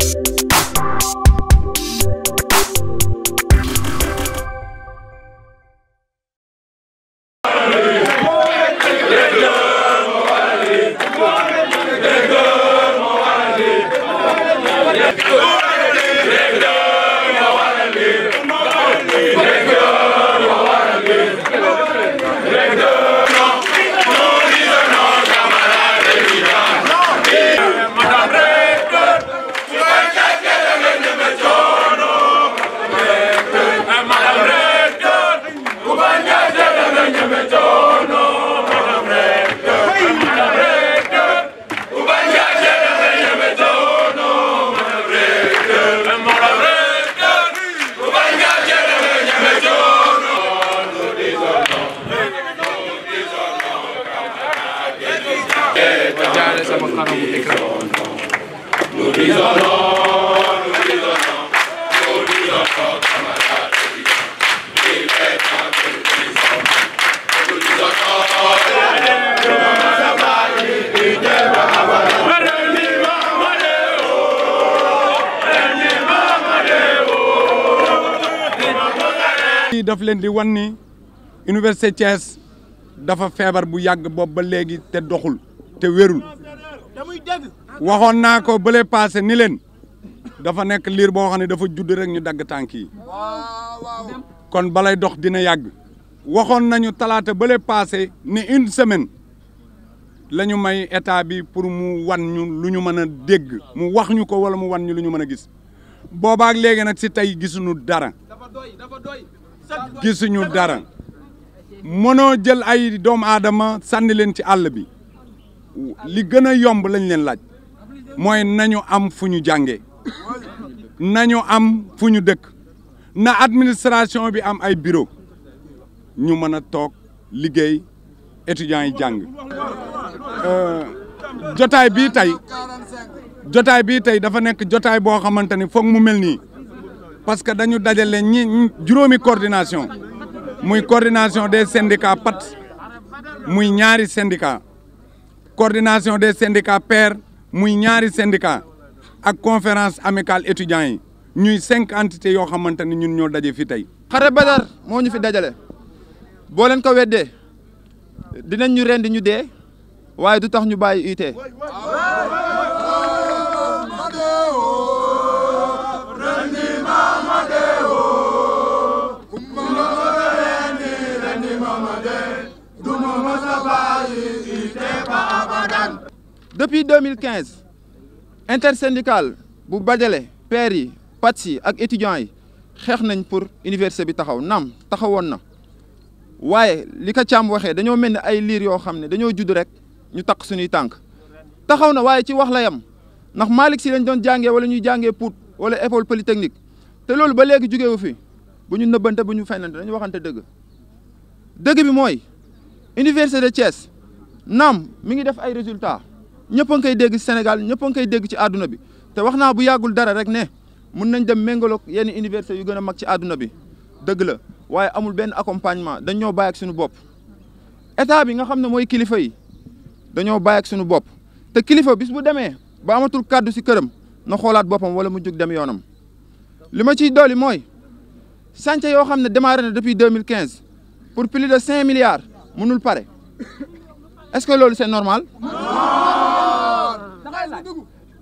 you Para vous déclarer. Nous daf leen di wan ni université Thiès dafa feebar bu yàgg boobu ba léegi te doxul te wérul waxoon naa ko bële paase ni leen dafa nekk liir boo xam ne dafa judd rek ñu dagg tànk yi kon balay dox dina yàgg waxoon nañu talaata bële paase ni une semaine lañu may état bi pour mu wan ñu lu ñu mën a dégg mu wax ñu ko wala mu wan ñu lu ñu mën a gis boobaak léegi nag si tey gisuñu dara gisuñu dara mënoo jël ay doomu aadama sànni leen ci àll bi li gën a yomb lañ leen laaj mooy nañu am fu ñu jàngee nañu am fu ñu dëkk na administration bi am ay bureau ñu mën a toog liggéey étudiants yi jàng euh, jotaay bi tey jotaay bii tey dafa nekk jotaay boo xamante ni foog mu mel nii parce que dañu dajale ñi juróomi coordination muy coordination des syndicats pat muy ñaari syndicats coordination des syndicats pair muy ñaari syndicat ak conférence amicale étudiants yi ñuy cinq yoo xamante ni ñun ñoo daje fi tey. xare badar moo ñu fi dajale boo leen ko weddee dinañ ñu di ñu dee waaye du tax ñu bàyyi UT. depuis 2015 intersyndical bu bajale pères yi pats étudiants yi xeex pour université bi taxaw Ils ont na des choses. ko càmm waxee des des ay fait des ils ont judd rek ñu takk suñuy tànk taxaw na ci wax la yam lañ doon wala ñuy Pout école polytechnique te bi université de Thiès Nam mi ngi def résultats ñëpp a dégg ci Sénégal ñëpp a dégg ci aduna bi té waxna bu yagul dara rek né mën nañ dem méngaloog yeen université yu gëna mag ci aduna bi dëgg la waye amul benn accompagnement dañ ñoo bàyyi ak suñu bop état bi nga xamné moy kilifa yi dañoo bàyyi ak suñu bop té kilifa bis bu démé ba amatul cadeau ci kërëm na xolaat bopam wala mu juk dem yoonam lima ci doli moy chantier yoo démarré na depuis 2015 pour plus de 5 milliards mënul paré est-ce que lolu c'est normal.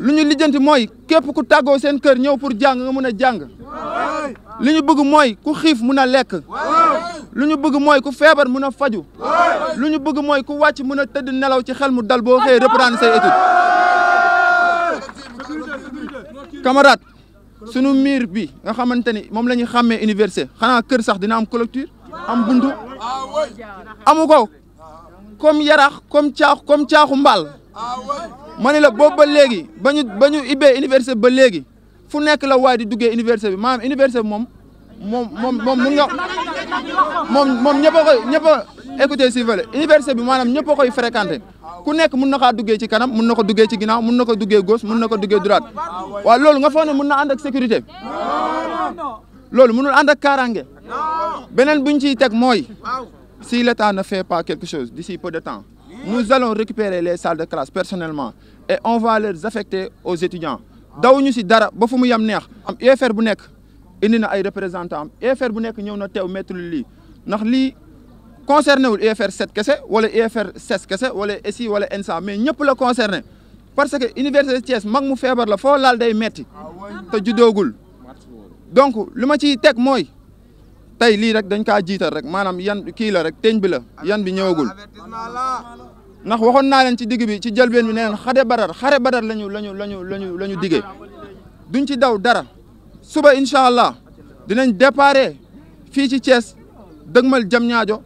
lu ñu lijjanti mooy képp ku tàggoo seen kër ñëw pour jàng nga mun a jàng li ñu bëgg mooy ku xiif mun a lekk lu ñu bëgg mooy ku feebar mun a faju lu ñu bëgg mooy ku wàcc mun a tëdd nelaw ci xel mu dalboo boo xëyee reprendre say études camarade sunu miir bi nga xamante ni moom la ñu xàmmee université xanaa kër sax dina am clôture am buntu amu ko comme yarax comme caax comme caaxu mbaal mané la boobu ba légui bañu bañu ibé université ba légui fu nek la wadi duggé université bi manam université mom mom mom moom moom mun nga moom moom ñëpp koy ñëpp université bi manam ñepp koy fréquenter ku nek mën na ci kanam mën na ko ci ginaaw mën na ko gauche mën na ko droite wa loolu nga foog mën na and ak sécurité loolu mënul and ak karangé benen buñ ci tek moy si l'État ne fait pas quelque chose d'ici peu de temps nous allons récupérer les salles de classe personnellement et on va les affecter aux étudiants dawuñu si dara ba fu mu yem neex am UFR bu nekk qui na ay représentants am UFR bu nekk ñëw na teew mettre lii ndax lii concerné wul 7 kese wala UFR 16 ou wala ESI wala ENSA mais ñëpp la concerné parce que université Thiès mag mu feebar la foo laal day metti te juddoogul donc li ma ciy teg mooy tey lii rek dañ kaa jiital rek maanaam yan kii la rek teñ bi la yan bi ñëwagul ndax waxoon naa leen ci digg bi ci jëlbeen bi neen xare badar xare badar lañu lañu lañu lañu la ñu diggee duñ ci daw dara suba incha allah dinañ déparé fii ci Thiès dëgmal jam ñaajo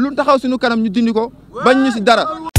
lu taxaw suñu kanam ñu dindi ko bañ ñu si dara